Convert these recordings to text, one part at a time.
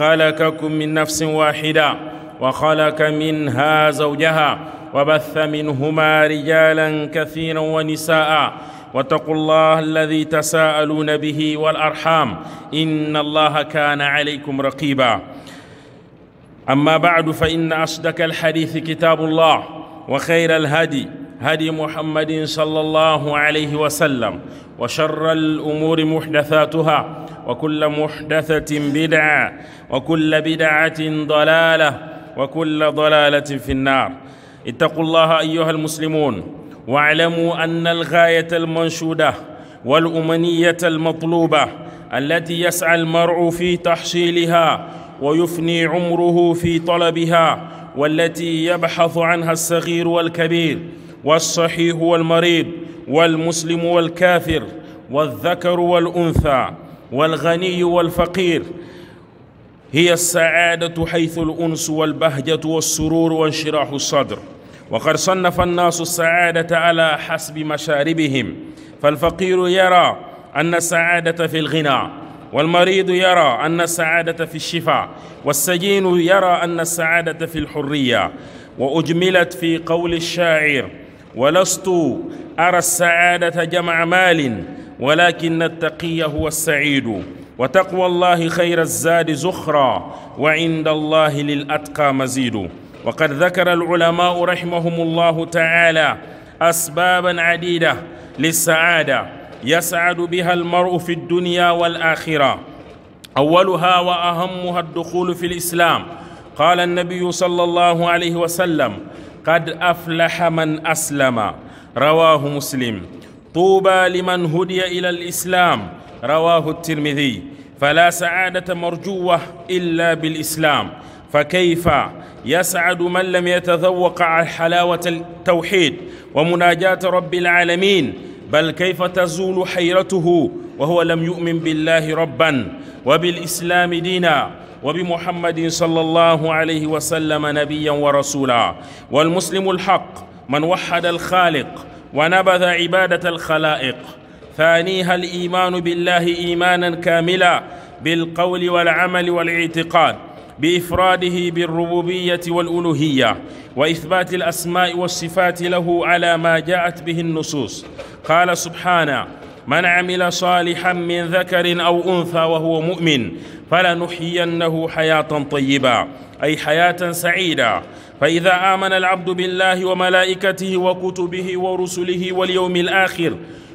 خلقكم من نفس واحده وخلق منها زوجها وبث منهما رجالا كثيرا ونساء واتقوا الله الذي تساءلون به والارحام ان الله كان عليكم رقيبا اما بعد فان اصدق الحديث كتاب الله وخير الهدي هدي محمد صلى الله عليه وسلم وشر الامور محدثاتها وكل محدثه بدعه وكل بدعه ضلاله وكل ضلاله في النار اتقوا الله ايها المسلمون واعلموا ان الغايه المنشوده والامنيه المطلوبه التي يسعى المرء في تحصيلها ويفني عمره في طلبها والتي يبحث عنها الصغير والكبير والصحيح والمريض والمسلم والكافر والذكر والانثى والغني والفقير هي السعادة حيث الأنس والبهجة والسرور وانشراح الصدر وقد صنف الناس السعادة على حسب مشاربهم فالفقير يرى أن السعادة في الغنى والمريض يرى أن السعادة في الشفاء والسجين يرى أن السعادة في الحرية وأجملت في قول الشاعر ولست أرى السعادة جمع مال ولكن التقي هو السعيد وتقوى الله خير الزاد زخرا وعند الله للأتقى مزيد وقد ذكر العلماء رحمهم الله تعالى أسبابا عديدة للسعادة يسعد بها المرء في الدنيا والآخرة أولها وأهمها الدخول في الإسلام قال النبي صلى الله عليه وسلم قد أفلح من أسلم رواه مسلم طوبى لمن هدي إلى الإسلام رواه الترمذي فلا سعادة مرجوة إلا بالإسلام فكيف يسعد من لم يتذوق على حلاوة التوحيد ومناجاة رب العالمين بل كيف تزول حيرته وهو لم يؤمن بالله ربا وبالإسلام دينا وبمحمد صلى الله عليه وسلم نبيا ورسولا والمسلم الحق من وحد الخالق ونبذ عبادة الخلائق ثانيها الايمان بالله ايمانا كاملا بالقول والعمل والاعتقاد بافراده بالربوبيه والالوهيه واثبات الاسماء والصفات له على ما جاءت به النصوص قال سبحانه من عمل صالحا من ذكر او انثى وهو مؤمن فلنحيينه حياه طيبه اي حياه سعيده فاذا امن العبد بالله وملائكته وكتبه ورسله واليوم الاخر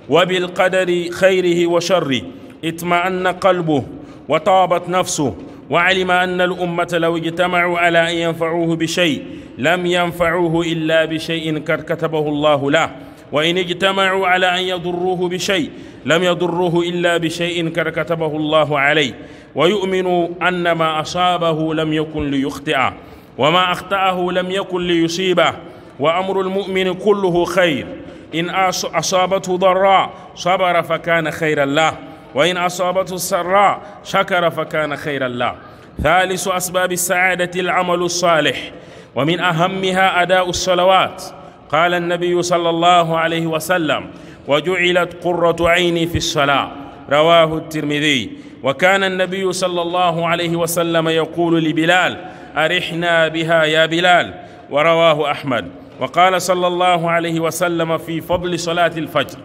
وبالقدر خيره وشره اطمأن قلبه وطابت نفسه وعلم أن الأمة لو اجتمعوا على أن ينفعوه بشيء لم ينفعوه إلا بشيء قد كتبه الله له وإن اجتمعوا على أن يضروه بشيء لم يضروه إلا بشيء قد كتبه الله عليه ويؤمن أن ما أصابه لم يكن ليخطئه وما أخطأه لم يكن ليصيبه وأمر المؤمن كله خير إن أصابته ضراء صبر فكان خيرا له وإن أصابته سراء شكر فكان خيرا له ثالث أسباب السعادة العمل الصالح ومن أهمها أداء الصلوات قال النبي صلى الله عليه وسلم وجعلت قرة عيني في الصلاة رواه الترمذي وكان النبي صلى الله عليه وسلم يقول لبلال أرحنا بها يا بلال ورواه أحمد وقال صلى الله عليه وسلم في فضل صلاة الفجر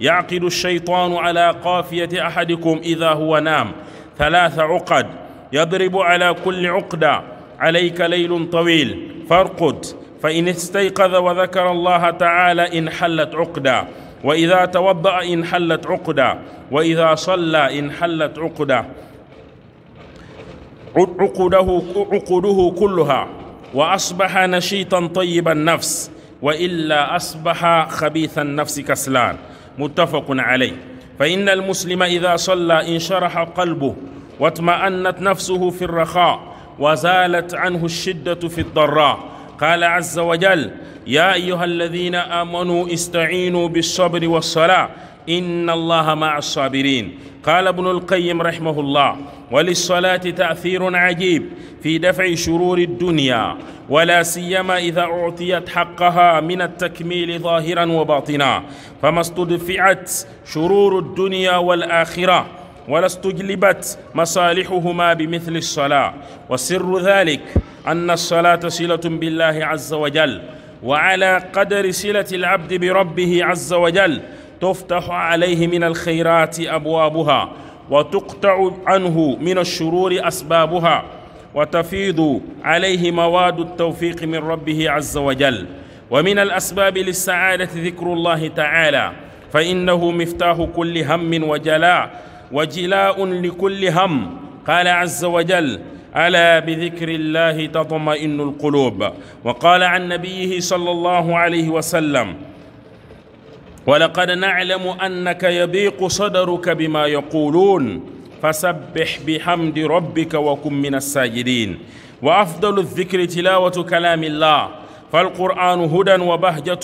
يعقد الشيطان على قافية أحدكم إذا هو نام ثلاث عقد يضرب على كل عقدة عليك ليل طويل فارقد فإن استيقظ وذكر الله تعالى انحلت عقدة وإذا توضأ انحلت عقدة وإذا صلى انحلت عقدة عقده عقده كلها وأصبح نشيطا طيب النفس وإلا أصبح خبيث النفس كسلان متفق عليه فإن المسلم إذا صلى انشرح قلبه واطمأنت نفسه في الرخاء وزالت عنه الشدة في الضراء قال عز وجل يا أيها الذين آمنوا استعينوا بالصبر والصلاة إن الله مع الصابرين قال ابن القيم رحمه الله وللصلاة تأثير عجيب في دفع شرور الدنيا ولا سيما إذا أعطيت حقها من التكميل ظاهرا وباطنا فما استدفعت شرور الدنيا والآخرة ولا استجلبت مصالحهما بمثل الصلاة وسر ذلك أن الصلاة صلة بالله عز وجل وعلى قدر صلة العبد بربه عز وجل تفتح عليه من الخيرات أبوابها وتقطع عنه من الشرور أسبابها وتفيض عليه مواد التوفيق من ربه عز وجل ومن الأسباب للسعادة ذكر الله تعالى فإنه مفتاح كل هم وجلاء وجلاء لكل هم قال عز وجل ألا بذكر الله تطمئن القلوب وقال عن نبيه صلى الله عليه وسلم ولقد نعلم انك يضيق صدرك بما يقولون فسبح بحمد ربك وكن من الساجدين وافضل الذكر تلاوه كلام الله فالقران هدى وبهجه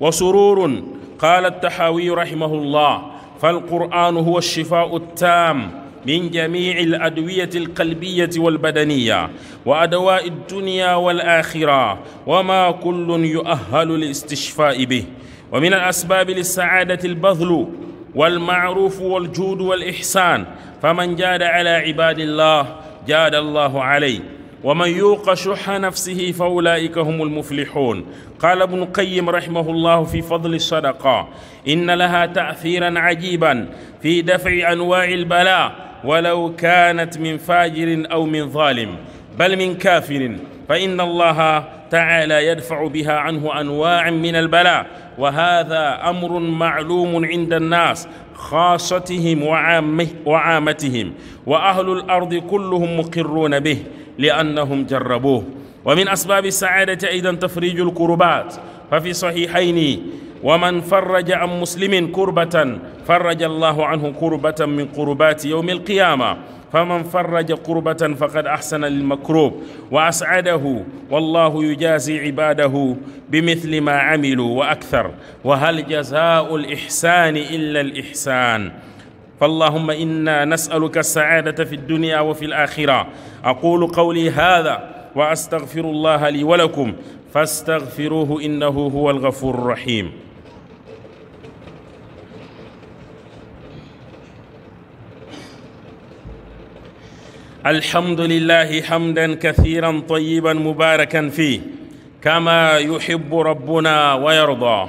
وسرور قال التحاوي رحمه الله فالقران هو الشفاء التام من جميع الادويه القلبيه والبدنيه وادواء الدنيا والاخره وما كل يؤهل للاستشفاء به ومن الأسباب للسعادة البذل والمعروف والجود والإحسان فمن جاد على عباد الله جاد الله عليه ومن يوق شح نفسه فأولئك هم المفلحون قال ابن قيم رحمه الله في فضل الصدقة إن لها تأثيرا عجيبا في دفع أنواع البلاء ولو كانت من فاجر أو من ظالم بل من كافر فإن الله تعالى يدفع بها عنه انواع من البلاء وهذا امر معلوم عند الناس خاصتهم وعامه وعامتهم واهل الارض كلهم مقرون به لانهم جربوه ومن اسباب السعاده ايضا تفريج الكربات ففي صحيحين ومن فرج عن مسلم كربة فرج الله عنه كربة من كربات يوم القيامة فمن فرج قربة فقد أحسن للمكروب وأسعده والله يجازي عباده بمثل ما عملوا وأكثر وهل جزاء الإحسان إلا الإحسان فاللهم إنا نسألك السعادة في الدنيا وفي الآخرة أقول قولي هذا وأستغفر الله لي ولكم فاستغفروه إنه هو الغفور الرحيم الحمد لله حمدا كثيرا طيبا مباركا فيه كما يحب ربنا ويرضى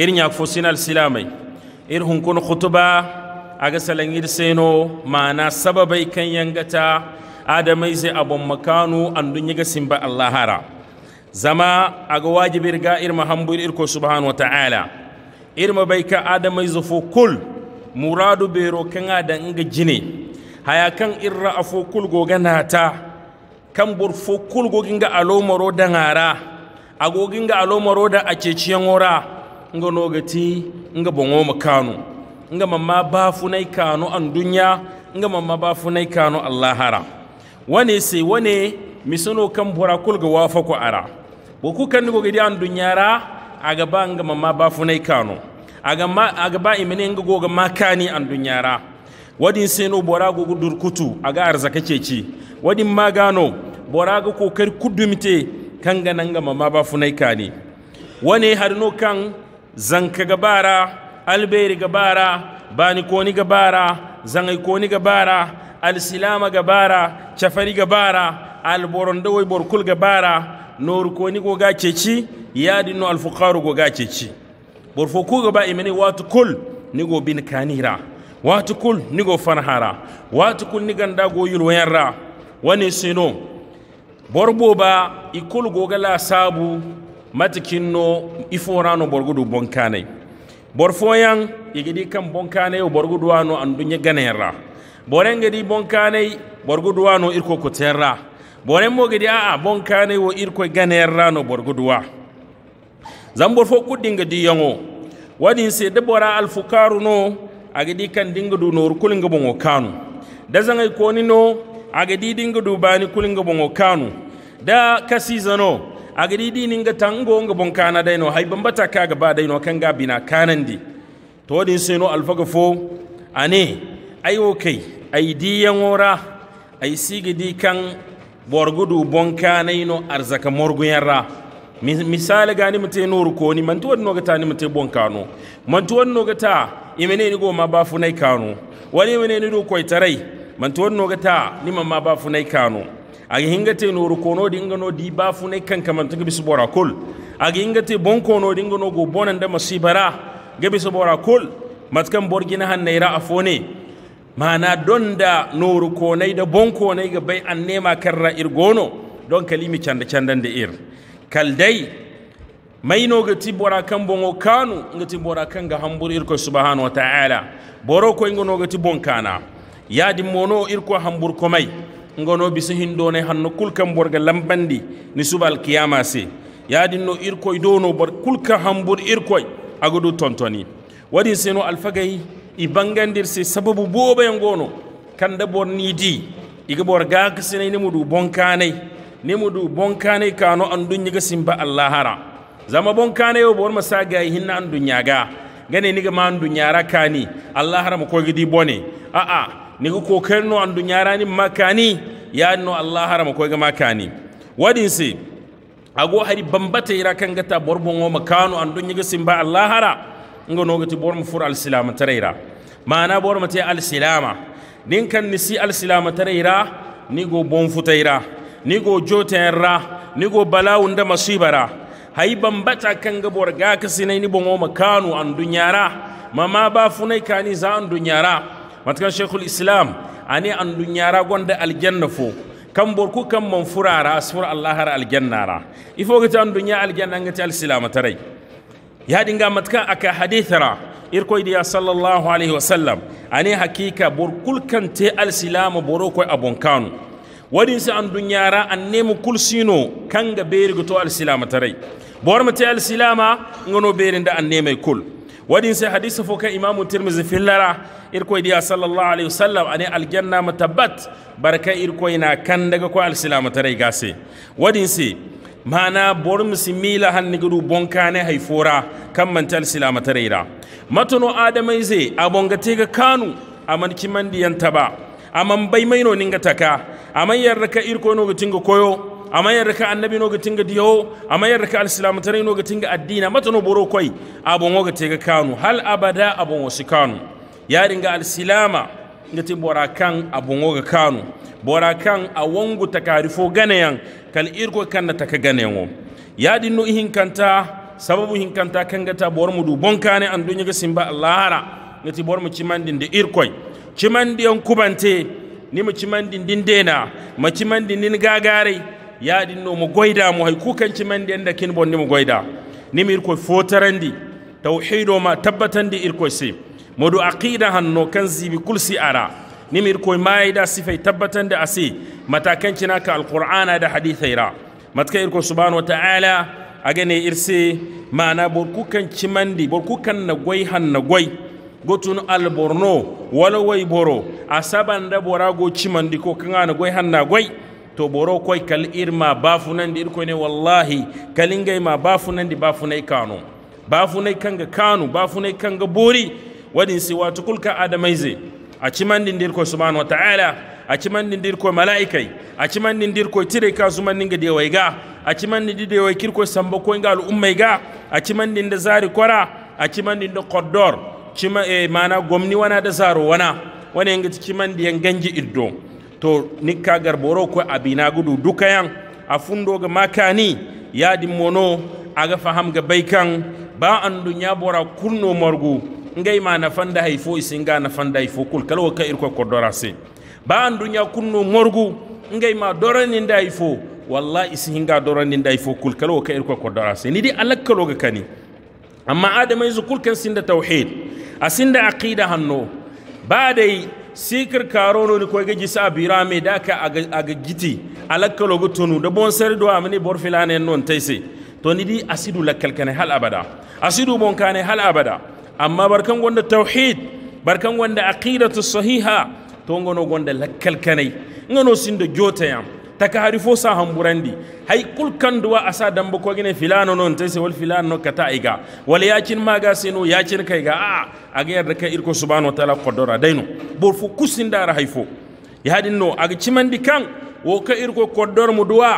إرنيا فسنا السلامي إرهن كن خطبة أغسل إرسينو معنا سببي كان ينغتا آدمي زي أبو مكانو أن دنيا سنبا الله را زما أغواجب إرغا إرما همبر إركو سبحانه وتعالى إرما بيك آدمي زفو كل مرادو بيرو كان آدم جني haya kan irra afo kulgo ganata kan bur fo kulgo ginga alomoro da ngara agogin ga alomoro da ake ciyan wora nga nogati nga bongo makano nga mamma ba funai kano an dunya nga mamma ba funai kano hara wane sai wane misano kan bura kulga wafa ku ara boku kan go gidi an ra aga ba nga mamma ba funai kano aga ma aga ba imene nga goga makani an ra wadin seno borago gudur kutu aga arzaka ceci wadin magano borago kokar kan kanga nanga mama ba funai kani wane no kan zanka gabara alberi gabara bani koni gabara zangai koni gabara alsilama gabara chafari gabara alborondo way borkul gabara nor koni go ga ceci yadi no alfuqaru go ga ceci borfo ku gaba imani watu kul ni go bin kanira watu kul nigo farhara watu kul nigan go yul wayarra wani sino borbo ba ikul gala sabu matikinno iforano borgudu bonkane borfoyan igidi kam bonkane borgudu wano andunya ganerra borenge di bonkane borgudu wano irko terra boren mo gidi a bonkane wo irko ganera no borguduwa zambor fo di yango wadin se debora alfukaru no agadi kan dinga du noru kulinga bongo kanu da zangai koni no agadi dinga du bani kulinga bongo kanu da kasi zano agadi di ga tango nga bon kana dai no hay bambata ka ga ba dai no kan ga bina kanandi to din sai no alfaga fo ane ai okay ai di ora ai sigidi kan borgudu bon kanai no arzaka morguyanra misali gani mutai nuru ko mantuwa mantuwan nogata ni mutai bon kano mantuwa nogata imene ni goma ma ba funai kanu wani imene ni do itarai man to no gata ni man ma ba funai kanu age hingate no ru kono dinga no di ba funai kan man to bisu bora kul age hingate bon kono dinga no go bonan da masibara gabi su bora kul matkan borgina han naira afone mana don da noru konai da bon ko konai ga bai an nema karra irgono don kalimi canda candan da ir kaldai maino ga tibora kan bongo kanu ga tibora kan ga hambur irko subhanahu wa ta'ala boro ko ngono ga kana ya di mono irko hambur ko mai ngono bisi hindo ne hanno kul kan borga lambandi ni subal kiyama se di no irko dono bor kul ka hambur irko agudu tontoni wadi seno alfagai bangandir se sababu boba ngono kanda bor ni di iga bor ga kasine ne mudu bonkanai ni mudu bonkanai kano andu nyiga simba allahara zama bon kana yo bor masaga hinna an ga gane niga ma an dunyara kani allah haram ko gidi bone a a niga kokarin no an dunyara ni makani ya no allah haram ko ga makani wadin si ago hari bambata ira kan gata bor bon wo makano an dunya ga ba allah hara ngo no gati bor mu fur al silama taraira mana bor mate al silama nin kan nisi al silama taraira ni go bon futaira ni go jotenra ni go balawun da masibara hay bambata kanga borga kasine ni bongo kanu an dunyara mama ba funai kani za an dunyara matkan shaykhul islam ani an dunyara gonda aljanna fo kan borku kan man furara asfur allah har aljanna ra ifo gata an dunya aljanna ngati alislam tarai ya dinga matkan aka hadithara irko idiya sallallahu alaihi wasallam ani hakika borkul kan te alsilama boro koy abon kanu wadin sa an dunyara an nemu kulsino berigo beri goto alsilama tarai bor mate al silama ngono berin da an nemay kul wadin sai hadisi fo kan imamu tirmizi fillara irkoy diya sallallahu alaihi wasallam ane aljanna matabbat barka irkoy na kan daga ko al silama tarai gase wadin sai mana bor misimila hanni gudu bonkane hay fora kan mantal silama taraira matono adamai zai abongate ga kanu aman kimandi yanta ba aman bai maino ninga taka aman yarraka irko no ga koyo ama raka annabi no ga diyo ama raka alislamu tare no ga addina no boro koi abon gate ga kanu hal abada abon wasi kanu yaringa alislama ngati bora kan abon woga kanu bora kan a wangu takarifo ganayan kal irko kanna taka ganayan ya no ihin kanta sababu hin kanta kangata bor mudu bonkane an dunya simba allahara ngati bor mu cimandin de irkoi cimandiyan kubante ni mu cimandin dindena mu cimandin din gagarai yaɗinno mo goydamo hay kukanci men ɗi da kin bonde mo goyda nimi irkoye fotarandi tawhid o ma tabbatandi irkoye si moɗo aqida hanno kan zibi kulsi ara nimi irkoye mayida sifay tabbatande asi mata kancinaka alqur'ana da hadithayra matka irko subhanahu wa taala agane irse mana bor kukan cimandi bor kukan na goy han na goy gotun alborno wala way boro asaban da bora go cimandi ko kanga na goy han goy to boro koy kal irma bafunandi ir koyne wallahi kalingay ma bafunandi bafunay kano bafunay kanga kanu bafunay kanga bori wadin si watu kulka adamayze acimandindir koy subhanahu wa ta'ala A koy man acimandindir koy tire ka man deway ga acimandidi deway kir koy samba koynga ngal ummay ga acimandinde zari kora acimandinde koddor cima e eh, mana gomni wana da zaro wana wani yanga cimandi yan ganji iddo to nikkagal boro koye abinagudu dukayan a ga makani yadi mono aga faham ga kan ba dunya bora kunno morgu ma na fanda haifo isinga na fanda haifo kul kala wo kayir koye koddora ba an dunya kunno morgu ma dorani hay fo walla isinga dorani doraninde hay fo kul kala wo kayir koye koddora ni di ga kani amma adamai so kul kan sinda tauhid a aqida hanno dai. sikir no ni gaji sa bira me daka aga, aga giti alakka logo tonu da bon ser do amni bor filane non taise to ni di asidu lakal kan hal abada asidu bon kan hal abada amma barkan gonda tauhid barkan gonda aqidatu sahiha to ngono gonda lakal kanai ngono sinda jota yam taka hari fo sa hamburandi hay kul kanduwa asa damba ko gine filano non te se wal filano kata iga wala yakin maga sino yakin kai ga a aga yarda kai irko subhanahu wa ta'ala qaddara dainu bor fu kusindara hay fo yadin no aga cimandi kan wo ka irko qaddar mu duwa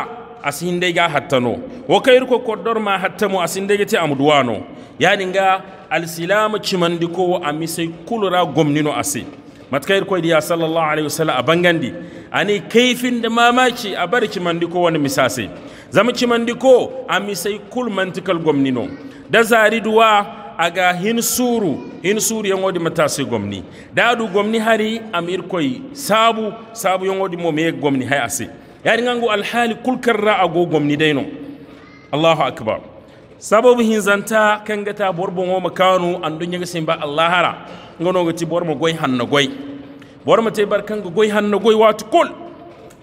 asinde ga hattano wo ka irko qaddar ma hattamo asinde ga ti amduwano yadin ga alsilamu cimandi ko amisai kulura gomnino asi matkayar kwa sallllahu sallallahu wa wasallam a bangandi ani kaifin mamaci a bar ki wani woni misase zama cimandi a misai kul mantikal gomni da zari duwa ga hin suru hin wadi matasai gwamni da adu gwamni hari am ir sabu sabu saabu yogodi mo gwamni hayasi yari ase yaari alhali alhaali kulkarra ago gomni day no allahu akbar sababu hin zanta kangata borbon wa makanu an dunya ñaga ba allahara ngono ga ci bor mo goy hanno goy bor mo te bar kan ga goy hanno goy watu kul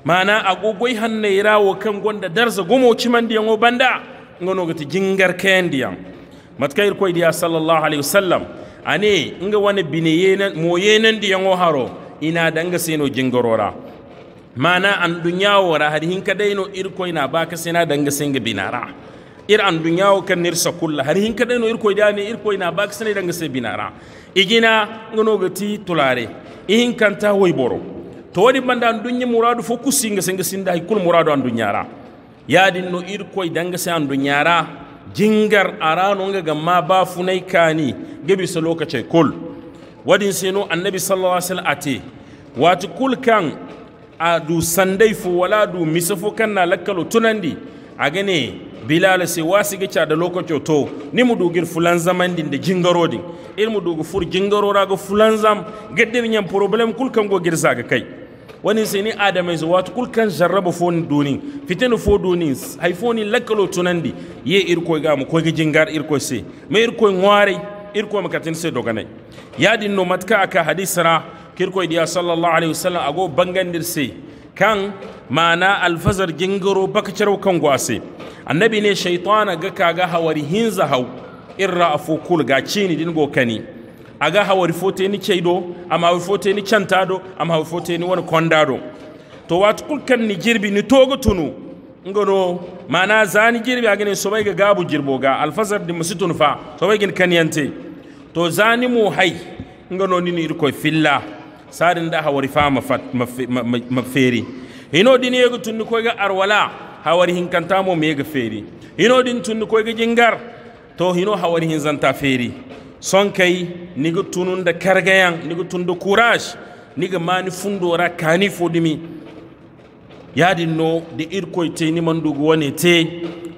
mana ago goy hanno irawo kan gonda darza gomo ci man yango o banda ngono ga ti jingar kayan diyan matkayir koy diya sallallahu alaihi wasallam ane nga wani bine yenan mo yenan di o haro ina danga seno jingorora mana an dunyawo ra har hinka daino irkoy na baka sina danga singa binara ir an dunyawo kan nirsa kulla har hinka kadai ir koy dani irko ina bak sina danga se binara igina ngonogati tulare ihin kanta boro to wadi banda an muradu fo kusinga singa sinda hay kul muradu an duñara no ir koy danga se andu nyara jingar nga gamma ba funai kani gebi sa lokace kol wadin sino annabi sallallahu alaihi wasallam ati wati kul kan a du fo wala du na lakkalo tunandi agane bilal se wasigi cada lokaco to ni mu dugir fulan zamandin da jingarodin il mu dugu fur jingarora ga fulan zam gadde nyam problem kul kam go girsa ga kai wani sai ni adamai su watu kul kan jarrabo fon doni fitenu fo doni hay foni lakalo tunandi ye irko ga mu ko ga jingar irko se me irko ngware irko makatin se doganai yadin no matka aka hadisra ko diya sallallahu alaihi wasallam ago bangandir se kan mana alfazar gingiro bakacar kan gwase annabi ne shaitana ga kaga hawari hinza hau irra kul ga cini dingo kani aga hawari fote ni keido ama hawari fote ni chantado ama hawari fote ni wani kondado to wata kulkan ni jirbi ni togo tunu ngono mana zani jirbi agane sobai ga gabu jirbo ga alfazar di musitun fa bai gin kaniyante to zani mu hai ngono ni ni ko filla sadin da hawari fa feri ino din yego tunni koyga arwala hawari kanta mo mega feri ino din tunni koyga jingar to hino hawari zanta feri son kai niga tunun da kargayan niga tun tundu courage niga mani fundora kani fodimi yadin no da irkoy te ni mandugo wane te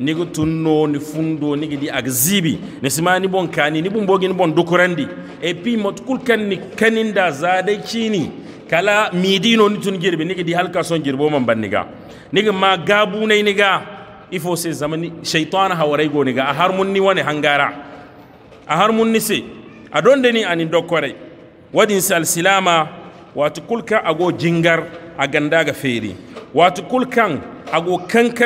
niga tunno ni fundo nigi di ak zibi ni sima ni bon kani ni bon ni bon dukurandi e pi kul kan ni kanin zade chini kala midino ni tun girbi nigi di halka son girbo man banniga niga niga ma gabu ne niga ifo se zamani shaytan hawarai go niga a har mun ni wani hangara a har mun ni se a don ani dokore wadin silama wato kulka ago jingar a ganda ga feri wato kulkan ago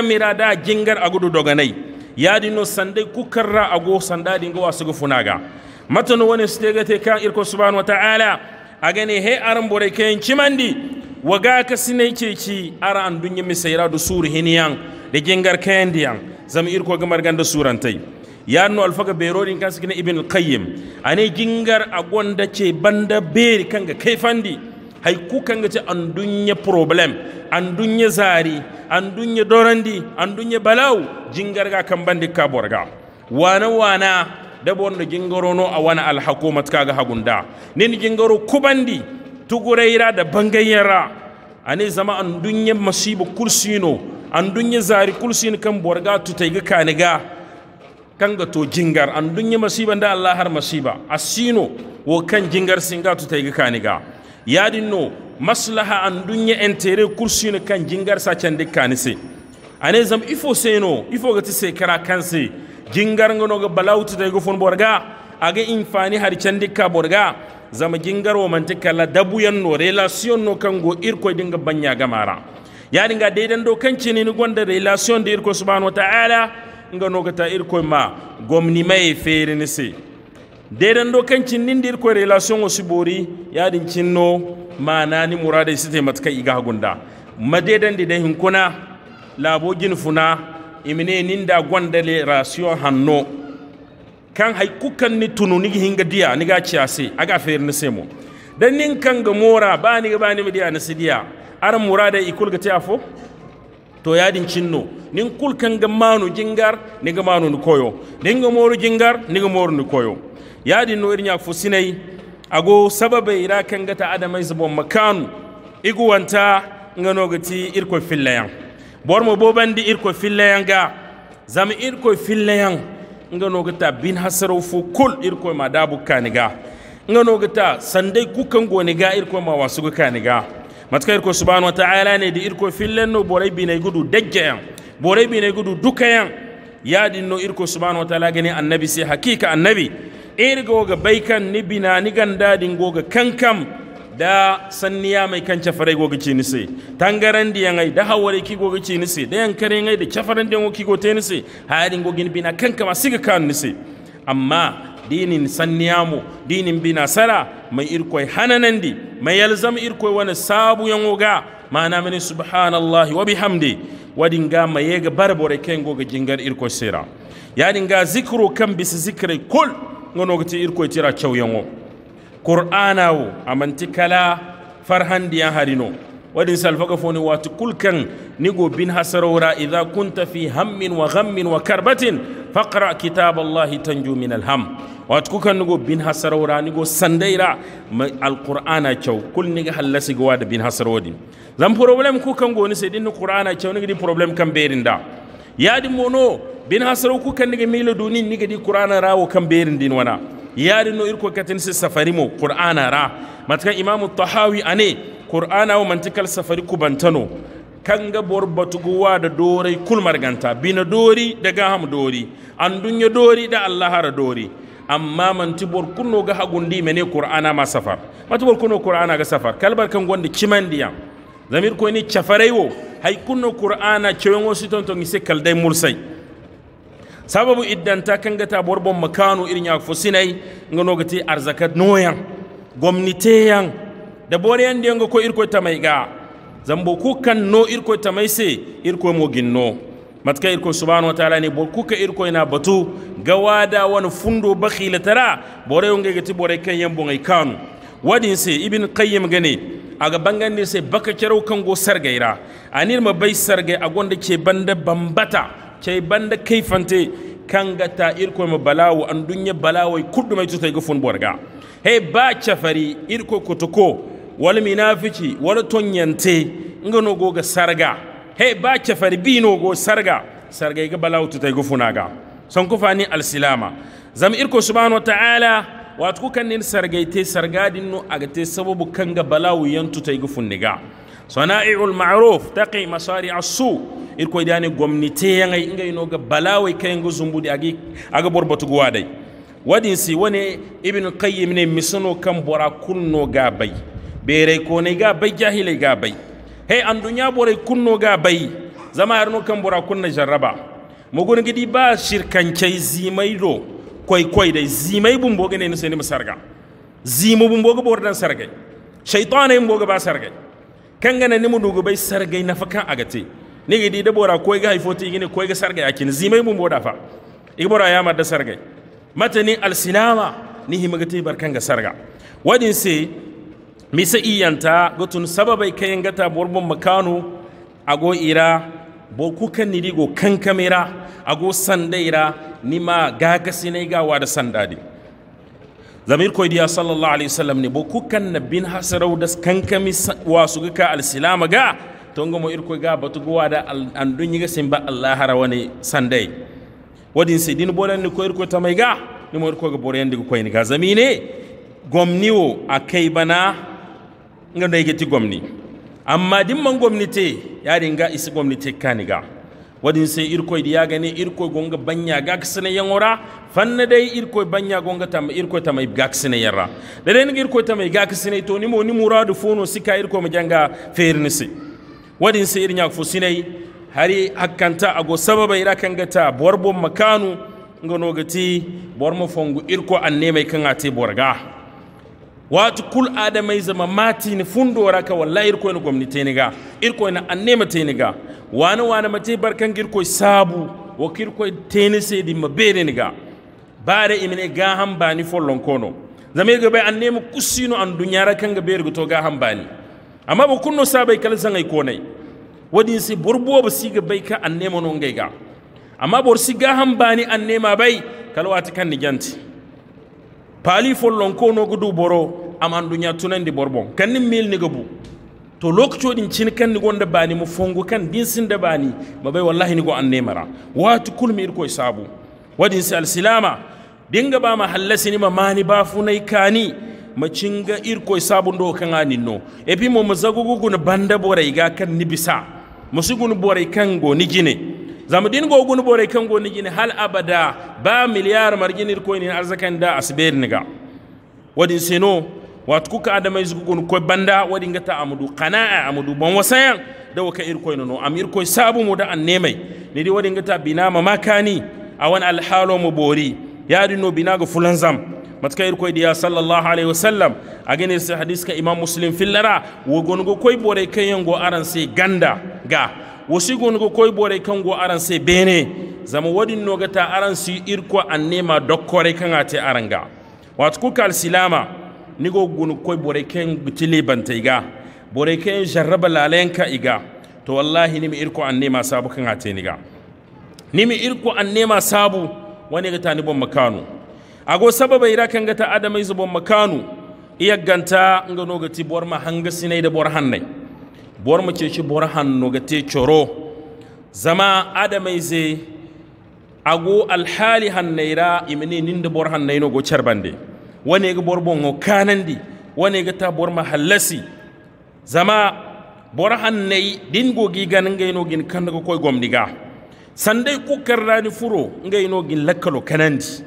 mira da jingar agudu doganai dino sandai kukarra ago sanda dingo asugu funaga matano wani stegate kan irko subhanahu wa ta'ala agane he aran bore kayan cimandi waga ka sine ci ara an dunya misaira da suru hiniyan da jingar kayan diyan zama irko gamar ganda surantai ya yadino alfaga berodin kan sikina ibn al-qayyim ane jingar agonda ce banda beri kanga kaifandi hay kukanga ci andunye problem dunya zari dunya dorandi dunya balaw jingarga ka kaborga wana wana dabon da jingorono a wani alhakumat kaga hagunda nin jingaro kubandi tuguraira da bangayyara ani zama dunya masibu kursino dunya zari kursino kan borga ga kaniga kanga to jingar dunya masiba da Allah har masiba asino wo kan jingar singa ga kaniga yadin no maslaha an dunya entere kursi ne kan jingar sa can dikkani se ane zam ifo se no ifo gati se kara kan se jingar ngono ga balautu da gofon borga aga infani har can dikka borga zama jingar o man la dabu yan no relation no kan go irko dinga banya gamara yadin ga daidan do kan cini ni gonda relation da irko subhanahu wa ta'ala nga no ga ta irko ma gomni mai fere ne se daidan dokancin nin da ko relation wasu bori yadin cinno na ni murada su te matkai iga gunda daidan da hin kuna labo funa imine nin da le rasiyon hannu kan haikukan ni tunu ni hinga diya ni ga ciase aga fer ni semo dan nin kan ga mora ba ni ba ni diya na sidiya ar murada ikul ga tiafo to yadin cinno nin kulkan kan ga manu jingar ni ga manu ni koyo nin ga moru jingar ni ga moru ni koyo yadi no irin yafusinai ago sababa ira kan gata adamai zubon makanu iguwanta ngano gati irko fillayan bormo bobandi irko fillayan ga zama irko fillayan ngano gata bin hasaro fu kul irko ma dabu kaniga ngano gata sandai kukan ga irko ma wasu kaniga matka irko subhanahu wa ta'ala ne da irko fillan no borai binai gudu dajjayan borai binai gudu dukayan yadin no irko subhanahu wa ta'ala gani annabi sai hakika annabi irgo bai baikan ni bina ni ganda dingo goga kankam da sanniya mai kan cafarai goga ce ni sai tangaran yan ai da hawar ki goga ce ni sai da yankare ai da cafaran da yango go ni sai hayarin gogin bina a siga kan ni sai amma dinin mu, dinin bina sara mai irkoi hananandi mai yalzam irkoi wani sabu yan goga ma'ana mini subhanallahi wa bihamdi wadin ga mai yaga barbore kai goga jingar irkoi sira yadin ga zikro kan bisa zikrai kul ngono ti irko chaw chawyango qur'ana wo amanti kala farhan farhandiya harino wadin salfaga foni watu kulkan go bin hasarora idha kunta fi hammin wa ghammin wa karbatin faqra kitab allahi tanju min alham wat kukan go bin hasarora nigo sandaira alqur'ana chaw kul ga halasi go wada bin hasarodi zam problem kukan goni sedin qur'ana chaw ni di problem kan berinda yadi mono bin hasaro ku kan nige milo duni nige di qur'ana rawo kan berin din wana yari no irko katin si safari mo qur'ana ra matkan imamu tahawi ane qur'ana wa mantikal safari ku bantano kan ga batuguwa da dorai kulmar ganta bina dori da gaham dori an dori da allah hara dori amma manti bor kunno ga hagundi mene qur'ana ma safar matibor kunno qur'ana ga safar kalbar kan gonda kimandiya zamir ko ni chafarai hay kunno qur'ana cewen wo se kaldai mursai sababu idan ta kanga ta borbon makano irin ya fusinai ngano gati arzaka noyan gwamniteyan da boriyan da ko irko ta mai ga zambo kukan no irko ta mai se irko mo ginno matka irko subhanahu wa ta'ala ne bo kuka irko ina batu gawada wani fundo bakhila tara bore ga gati bore kan yambo ngai kanu wadin se ibn qayyim gane a gaban ne sai baka kirau kan go sargaira anil mabai sargai a gwanda ke banda bambata cai banda kan ga ta irko ma balawo an dunya balawo kuddu mai tutai gufun borga he ba cafari irko kotoko wal minafici wal tonyante ngano goga sarga he ba bi no go sarga sarga ga balawo tutai gufunaga son al alsilama zam irko subhanahu wa ta'ala kukan nin sargaite sargadin agate sababu kanga balawo yantu tai sana'i'ul ma'ruf taqi masari asu irko idani gwamnati yangai inga ino ga balawai kayan ga zumbudi agi aga borbatu guwadai wadin si wani ibn qayyim ne misano kan bora kunno ga bai bere ko ne ga bai jahilai ga bai hey an dunya bore kunno ga bai zama no kan bora kunna jarraba mugun gidi ba shirkan kai zimai do koi koi dai zimai bumbo ne ne sai ne musarga zimu bumbo ga bordan sargai shaytanin bumbo ga ba sargai kangana ni dugu bai sargai na fakan gate ni gidi da bora koi ga haifoti gini koi ga sargai kini zimai mun boda fa igbora ya madda sargai matani alsinama ni himagate barkan ga sarga wadin se misa iyanta gutun sababai kayan gata borbon makano ago ira bo kukan ni digo kankamera ago sandaira nima gaga sinai gawa da sandadi zamir diya sallallahu alaihi wasallam ne bo ku na bin hasaraw kankami wasu ka alsilama ga tongomo irkoy ga go wada an dunyiga simba allah harawani sandai wadin sai din bolan ni ko ta mai ga ni mo irkoy ga boren diga ni ga zamine gomni wo akai bana ngandai dai ti gomni amma dimman gomnite yaringa isi gomnite kaniga wadin sai da ya gane irkoi gonga banya yan ora fanna dai irkoi banya gonga yan ra da dai yarra irkoi ta mai ga gaksine to mo ni muradu fono sika irkoy janga fairness wadin sai irnya fu sinai hari hakkanta ago sababa ira gata borbo makanu ngono gati borma fongu irko kan ate borga watu kul adama izama matini fundo raka wallahi irko ni gwamnati ne ga irko ni annema tene ga wani wani mate barkan girko sabu wa kirko tene sai di mabere ni ga bare imine ga han bani follon kono zame ga bai annema kusino an dunyara kan ga bere to ga han amma ba kunno sabai kala san ai konai wadin sai burbo ba si ga bai ka annema non ga amma bor si ga han bani annema bai kalwa ta kan ni janti pali follon ko no gudu boro amandu nya tunandi borbon kanni mil ni gabu to lokacin din cin kan gonda bani mu fongo kan din sin da bani mabai wallahi ni go an nemara wat kul mir ko isabu wadin sal silama dinga ba ma ni ma mani ba nay kani macinga ko isabu ndo kan aninno epi mo mazagugu gun banda bore ga kan ni bisa musugun bore kan go ni jine zamudin go gun bore kan goni gini hal abada ba miliyar marginir ko ni arzakan da asbir niga wadin seno wat kuka adama izgu gun ko banda wadin gata amudu qana'a amudu ban wasayan da waka irko no am irko sabu mu da an nemai ni di wadin gata binama makani awan al halo mu bori yadi no bina go fulan zam matka irko diya sallallahu alaihi wasallam agene se hadis ka imam muslim fillara wo gon go koy bore kayen go aran se ganda ga gun ko koy bore go aran sai bene zama wadin gata aran si irko annema dokkore ate aranga wat ku kal silama go gun koy bore ken bitile bantaiga bore ken jarraba lalenka iga to wallahi mi irko annema sabu kangate niga mi irko annema sabu wani gata ni bon makanu ago sababa ira gata adamai zubon makanu iya ganta ngano gati bor ma hanga sinai da bor hannai bor mu ceci bor hannu ga te coro zama adamai zai ago alhali hannaira imini nin da bor no go charbande wane ga bor bon kanandi wane ga ta bor mahallasi zama bor hannai din go gi ganin ga ino gin kan ga koy gomdiga sandai ku karrani furo ga ino gin lakkalo kanandi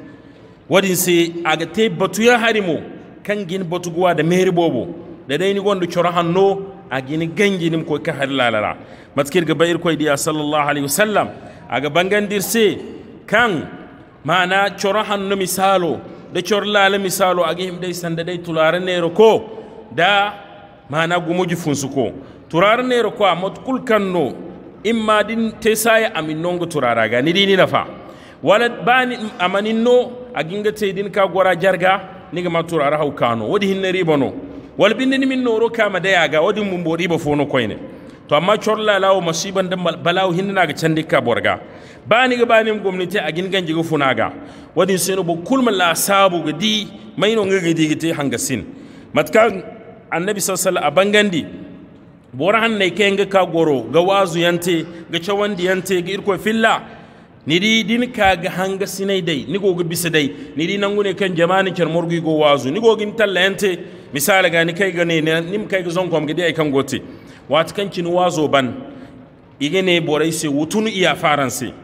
wadin sai aga te batuya harimo kan gin batugwa da meri bobo da dai ni gondo coro hannu a gini ganginim ko ka har lalala matkir ga bayir koy diya sallallahu alaihi wasallam aga bangan se kan mana chorohan hannu misalo da chor lala misalo agi dai sanda dai tulare nero ko da mana gumuji funsu ko turaren nero ko amot kul kanno imma din a amin nongo turara ga ni dini nafa wala bani amaninno ginga te din ka gora jarga niga ma turara haukano na hinne ribono walbindini min noro kama da ga wadin mun bori ba fono koyne to amma chorla lawo masiban da balawo hinna ga candi ka borga bani ga bani gwamnati a gingan jiga funaga wadin sai bo kulma la sabu ga di mai no ga gidi hanga hangasin matka annabi sallallahu alaihi bangandi bora han ne kayan ga ka goro ga wazu yante ga chawandi yante ga irko filla ni di din ka ga hanga sinai dai ni go ga bisa dai ni di nangune kan jama'ani kermorgi go wazu ni go gin talla yante misali gani kai ne ni kai ga zonkom gidi ay kan gote wata kan kin wazo ban ne borai se wutunu iya faranse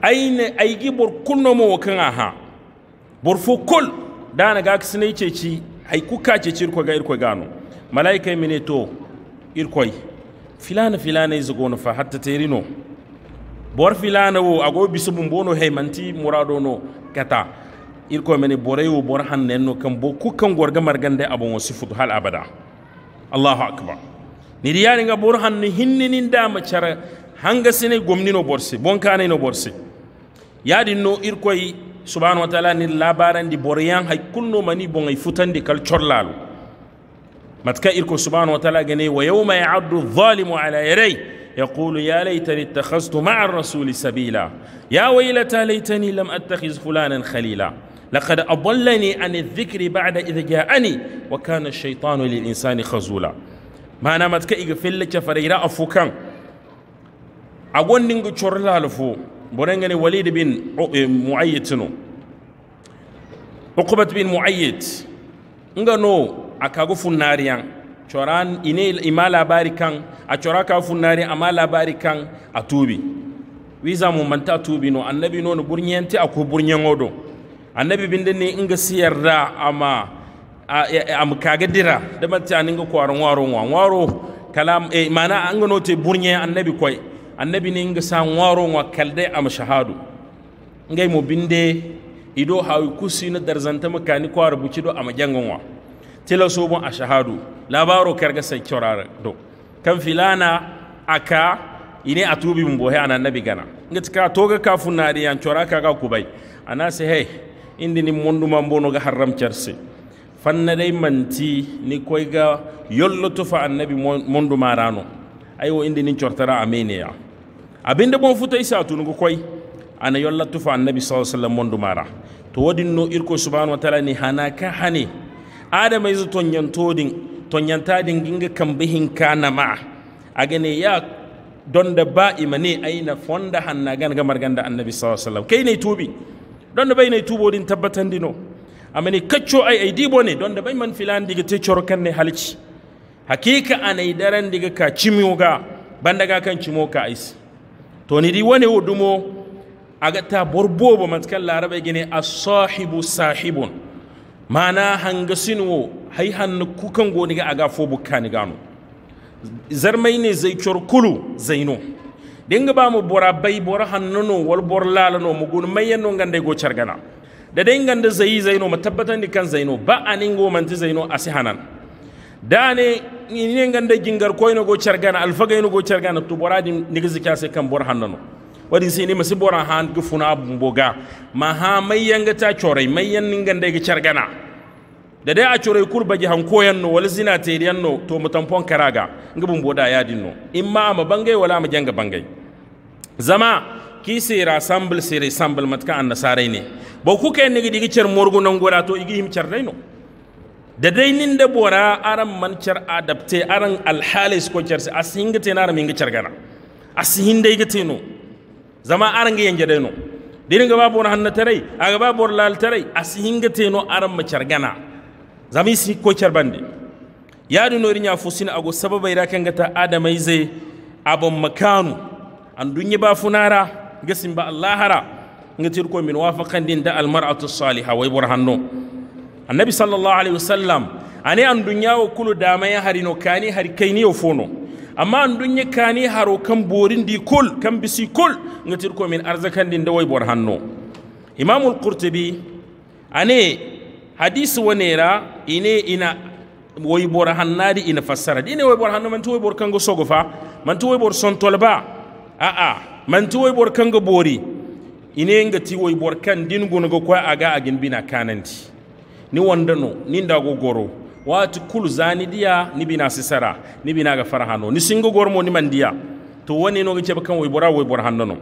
aine aigi bor kunno mo wakan aha bor fo kol dana ga kisne ceci ay kuka ceci ko ga irko gano malaika mine to irkoi filana filana izo gono fa hatta terino bor filana wo ago bisubun bono heymanti murado no kata irko meni bore yo bor han nenno kam bo ku kan gorga margande abon sifutu hal abada allahu akbar ni riyani nga bor han hinninin ndama chara hanga sine gomni no borse bon kanay no borse yadi no irkoy subhanahu wa ta'ala ni labarandi boryan hay kunno mani bon ay futandi kal chorlalu matka irko subhanahu wa ta'ala gane wa yawma ya'addu dhalimu ala yaday يقول يا ليتني اتخذت مع الرسول سبيلا يا ويلتى ليتني لم اتخذ فلانا خليلا laqad adallani an adh-dhikri ba'da idh ani wa kana ash-shaytanu lil insani khazula mana matka iga fella chafarira afukan agondingu chorla alfu borengani walid bin muayyid no uqbat bin muayyid ngano akago funnariyan coran ine ima labari kan a cora ka funnari ama kan a tubi wiza mu manta tubi no annabi no no burnyanti ako annabi binde ne inga da ama am kaga dira da matta ninga kwaron waro waro kalam e mana anga note burnye annabi koy annabi ne inga san waro wa kalde am shahadu ngai mo binde ido hawi kusi na darzanta makani kwaro buci do am jangonwa tilo so a shahadu labaro karga sai kyorara do kan filana aka ine atubi anan nabi gana ngatika toga kafuna yan choraka ga kubai anase hey indi ni ma mbono ga haram charse fanna day manti ni koy koyga yolloto fa annabi ma rano indi ni chortara amene ya abinde bon futay ngo koy ana yollattu fa annabi sallallahu sa sallam monduma ra to wadin no irko subhanahu wa taala ni hanaka hane adama iso toñantodin toñantadin ginga kambe kana ma agane ya donda ba imani aina fonda hanna ganga marganda annabi sallallahu sa sallam kayne tubi don da bai na tubo din tabbatan dino mani kacco ai ai dibo ne don da bai man filan diga te kan ne halci hakika anai daren diga ka cimiyoga banda ga kan cimo ka ais to ni di wane a ga ta borbobo matkan larabai gine as-sahibu sahibun mana hanga sinwo hai hannu kukan goni ga aga fo gano zarmai ne zai kulu zaino dinga ba mu bora bai bora hannuno wal bor lalano mu gun mayyano ngande go chargana da dai ngande zayi zaino mu tabbatan ni kan zaino ba anin go manti zaino asi hanan dane ni ne ganda gingar koyno go chargana alfagaino go chargana to bora din nigzi kase kan bor hannuno wadi sai ni masu bora han gufuna abun boga ma ha mayyanga ta chorai mayyan ningan chargana da dai a curai kurba han koyan no wal zina te yanno to mutampon karaga ngabun boda yadin no imma ama bangai wala ma janga bangai zama ki sira sambal sira sambal matka an nasare ne ba ku kai nigi digi cer morgu non gora to igi him cer no da dai nin da bora aran man cer adapte aran alhalis ko cer asinga te na ramin cer gana asihin dai gate no zama aran ga yanje dai no dirin ga babu hanna tarai aga babu lal tare asihin gate no aran ma cer gana zami si ko carbande yaadu nori nya fusina ago sababa ira kanga ta adama ize abon makanu an dunye ba funara gasin ba allahara ngatir ko min wafaqan din da al mar'atu salihah wa ibrahanno annabi sallallahu alaihi wasallam ane andunya dunya wa kulu dama ya harino kani har kaini fono amma an dunya kani haro kan borin di kul kan bisi kul ngatir ko min arzakan din da wa ibrahanno imamul qurtubi ane hadisi wanera ine ina woy hannadi ina fassara ine woy bor hanno man tuwoy bor kango sogo fa man tuwoy bor sontol ba a a man tuwoy bor kango bori? ine nga ti woy kan din gungo ko aga agin bina kananti ni wandano ni ndago goro wati kulu zani diya ni bina sisara ni bina ga farhano ni singo gormo ni diya? to woni no ga cebe kan woy bora woy bor no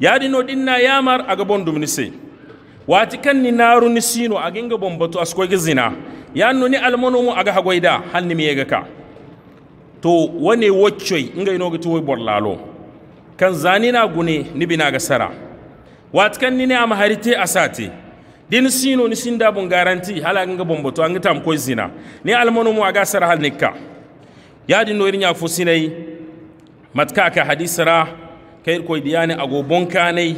yadi no dinna yamar aga bondum ni se wati kan ni naru ni sino a ginga bombatu asko zina? Ya ni a ga hagwai da hannu mai yaga ka to wane wacce inga ino gitu way borlalo kan zani na gune ni bina ga sara wati kan ni ne maharite a sati din sino ni da bun garanti hala ginga bombatu an gita ko zina ni almanomu a ga sara hal nikka yadi no irin ya fusinai matka ka hadisara kai koy a agobon kanai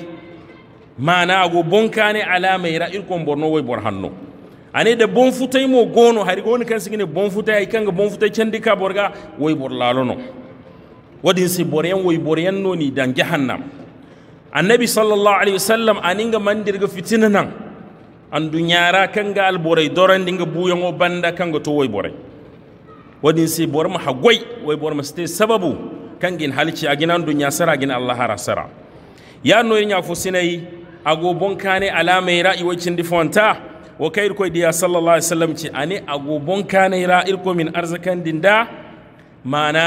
mana ago bonkane alama ira kon borno way bor hanno ane da bon futay mo gono hari goni kan sigine bon futay kanga bon futay chandi ka borga way bor lalono wadi si boryan way boryan no ni dan jahannam annabi sallallahu alaihi wasallam aninga ga fitina nan an dunyara kanga al boray doran dinga buyango banda kanga to way boray wadi si bor ma hagwai way bor ma ste sababu kangin halici aginan dunya sara gin allah hara sara ya no nya fusinai ago ne alama ya ra'i wacin difonta wa kayir irko diya sallallahu alaihi wasallam ci ani ago ne raa irko min arzakan dinda mana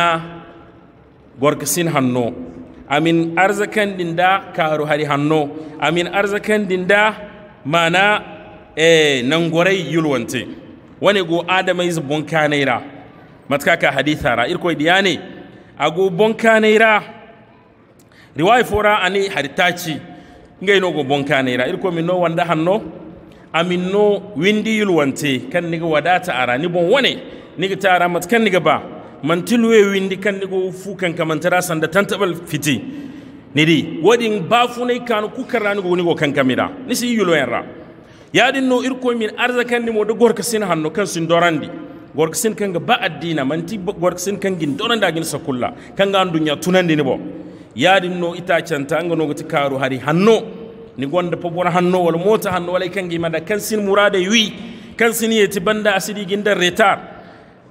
gorkasin hanno amin arzakan dinda karu hari hanno amin arzakan dinda mana e eh, nangorai yulwante wani go adama iz bonkane ira matka ka haditha ra irko diya ne ago bonkane ira riwaya fora ani haritaci ngaynoogo bonkanira irko min no wanda hanno amin no windi yulwante kan niga wadata ara ni bon wone niga taara mat kan niga ba mantilwe windi kan niga fu kan kamantara sanda tantabal fiti nidi ba bafu ne kan ku karani go nigo kan kamira nisi yulwenra yadin no irko min kan ni mo da gorka sin hanno kan sin dorandi gorka sin kan ga ba addina manti gorka sin kan gin doranda gin sakulla kan ga dunya tunandi ni bo yaadin no ita canta anga nogoti kaaru hari hanno ni gonda po bona hanno wala mota hanno wala kangi manda kan sin murade wi kan sin yeti banda asidi ginda retar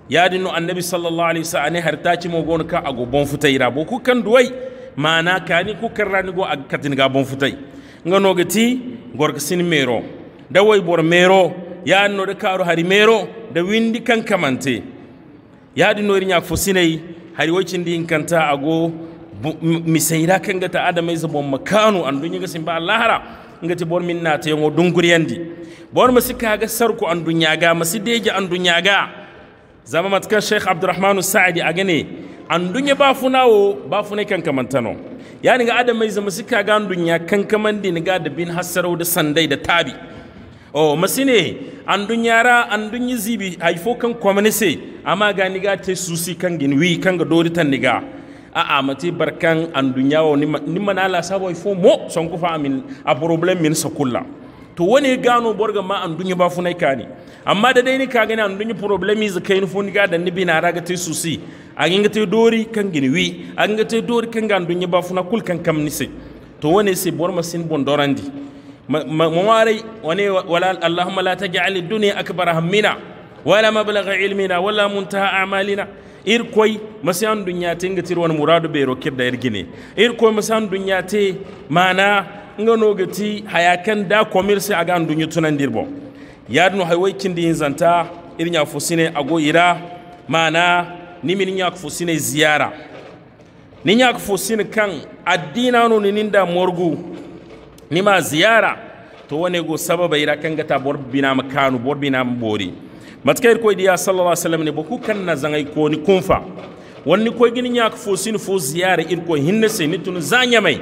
yaadin no annabi sallallahu alaihi wasallam har taci mo gon ka ago bon futai bo ku kan duwai mana kani ku karrani go ag katin ga bon futai nga nogoti gorko sin mero da way bor mero yaadin no da kaaru hari mero da windi kan kamante yaadin no iri nyak fusinai hari wacindi kanta ago misayra kan ta adamay sa e bon makanu andu nyiga simba allahara ngati bor min na tayo dunguriyandi bor masika ga sarku masi nyaga an dunya ga zama matka sheikh abdurrahman sa'idi agane ba funawo ba funai kan tano yani ga adamay sa e masika ga an dunya kan kamandi ni ga da bin hasaro da sandai da tabi o masine dunya ra an dunyi zibi haifo kan komunise amma ga ga te susi kan ginwi kan ga doritan ga a amati barkan an dunyawo ni mana ala sabo fo mo son ko fa min a problem min sakulla to wani gano borga ma an dunya ba funai kani amma da dai ni ka gani an dunya problem is kai fo ni ga da ni bina raga tai susi a ginga tai dori kan gini wi a ginga tai dori kan gan dunya ba funa kul kan kam ni se to wani sai borma sin bon dorandi mo mawarai wani wala allahumma la taj'al ad-dunya akbar hammina wala mablagh ilmina wala muntaha a'malina irkoy masiyan dunya te nga tirwan muradu bero kirda ir irkoy masiyan dunya te mana nga nogati hayakan da commerce aga dunyu tunandir bo yadno hayway kindi ir nya fusine ago ira mana min nya fusine ziyara ni nya fusine kan addina no ninda morgu ma ziyara to wane go sababa ira kan gata bor na kanu bor na bori matkair koy diya sallallahu alaihi wasallam ne boku kanna zangai ko ni kunfa Wani koy gini nyaaka fo sin fo ziyara in ko hinne se ni tun zanyamai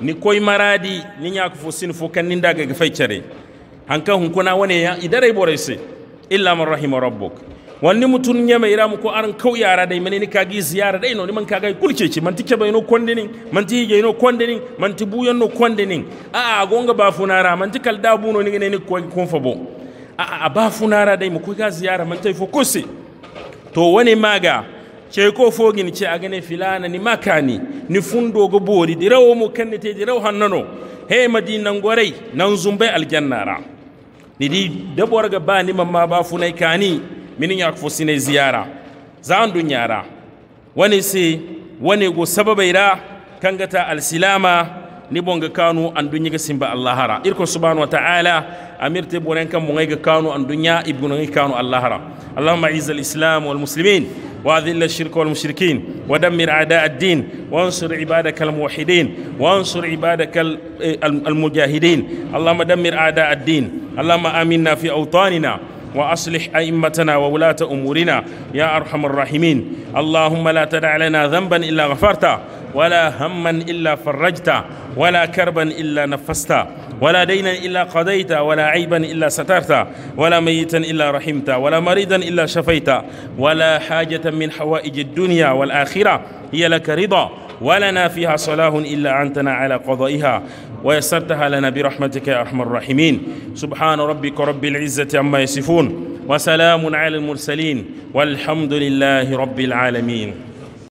ni koy maradi ni nyaaka fo sin fo kanni daga ga fay chere hanka hun kona wane ya idare bore se illa man rahima rabbuk Wani mutun nyama ira mu ko aran kau yara dai mene ni kagi ziyara dai no ni man kaga kulce ci man tike bayno kondinin man ti je no kondinin man ti buyan no kondinin a a gonga ba funara man tikal dabu no ni ne ni ko kunfa bo a ba funara dai mu kuga ziyara man tay fokusi to wani maga ce ko fogin ce a gane filana ni makani ni fundo go bori dirawo mu kanni te dirawo hannano he madinan gorai nan zumbe aljannara ni di dabor ga ba ni mamma ba funai kani min ya sine ziyara zan dunyara wani si wani go sababaira kangata alsilama ni bonga kanu an dunya ga simba allahara irko subhanahu wa ta'ala amir te bonen kam mo ga kanu an dunya ibnu ga kanu allahara allahumma aiz islam wal muslimin wa adhil al shirk wal mushrikin wa dammir aada ad din wa ansur ibadaka al muwahhidin eh, wa ansur ibadaka al mujahidin allahumma dammir aada ad din allahumma aminna fi awtanina وأصلح أئمتنا وولاة أمورنا يا أرحم الراحمين اللهم لا تدع لنا ذنبا إلا غفرته ولا هما إلا فرجته ولا كربا إلا نفسته ولا دينا إلا قضيت ولا عيبا إلا سترت ولا ميتا إلا رحمت ولا مريضا إلا شفيت ولا حاجة من حوائج الدنيا والآخرة هي لك رضا ولنا فيها صلاح إلا أنتنا على قضائها ويسرتها لنا برحمتك يا أرحم الراحمين سبحان ربك رب العزة عما يصفون وسلام على المرسلين والحمد لله رب العالمين